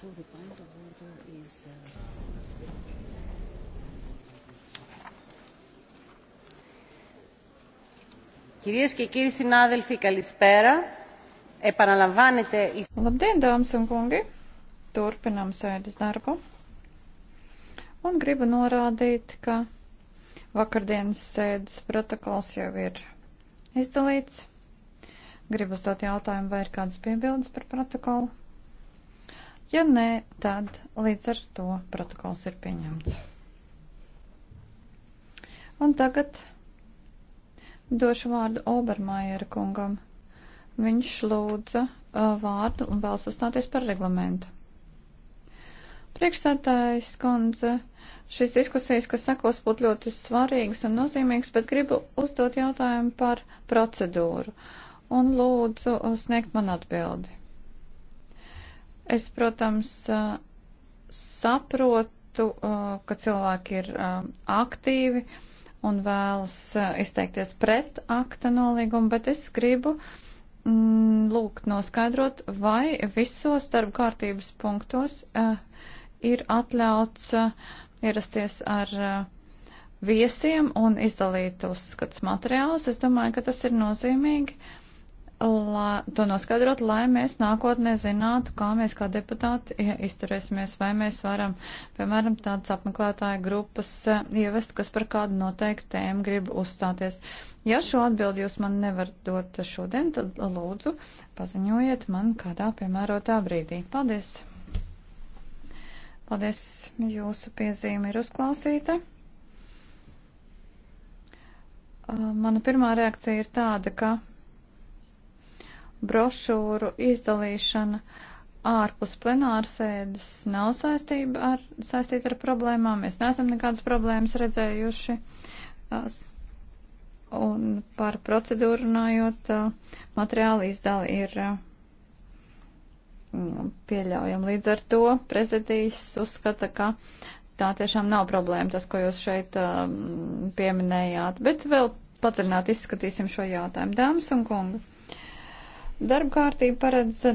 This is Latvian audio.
So the point of order is. Uh, Κυρίες και κύριοι συνάδελφοι, καλησπέρα. Επαναλαμβάνεται η... Labdien, dāmas un kungi! Turpinām sēdes darbu. Un gribu norādīt, ka vakardienas sēdes protokols jau ir izdalīts. Gribu uzdot jautājumu, vai ir kādas piebildes par protokolu? Ja nē, tad līdz ar to protokols ir pieņemts. Un tagad došu vārdu Obermaiera kungam. Viņš lūdza uh, vārdu un vēl sastāties par reglamentu. Priekšstādājs kundze, šīs diskusijas, kas sekos, būtu ļoti svarīgas un nozīmīgas, bet gribu uzdot jautājumu par procedūru un lūdzu uh, sniegt man atbildi. Es, protams, saprotu, ka cilvēki ir aktīvi un vēlas izteikties pret akta nolīgumu, bet es gribu mm, lūgt noskaidrot, vai visos starp kārtības punktos ir atļauts ierasties ar viesiem un izdalīt uzskats materiālus. Es domāju, ka tas ir nozīmīgi lai, to noskaidrot, lai mēs nākotnē zinātu, kā mēs kā deputāti izturēsimies, vai mēs varam, piemēram, tādas apmeklētāju grupas eh, ievest, kas par kādu noteiktu tēmu grib uzstāties. Ja šo atbildi jūs man nevarat dot šodien, tad lūdzu paziņojiet man kādā piemērotā brīdī. Paldies! Paldies, jūsu piezīme ir uzklausīta. Eh, mana pirmā reakcija ir tāda, ka brošūru izdalīšana ārpus plenārsēdes nav saistība ar, saistīta ar problēmām. Mēs neesam nekādas problēmas redzējuši. Un par procedūru runājot, materiāla izdala ir mm, pieļaujama. Līdz ar to prezidijas uzskata, ka tā tiešām nav problēma, tas, ko jūs šeit pieminējāt. Bet vēl padziļināt izskatīsim šo jautājumu. Dāmas un kungi! Darba kārtība paredz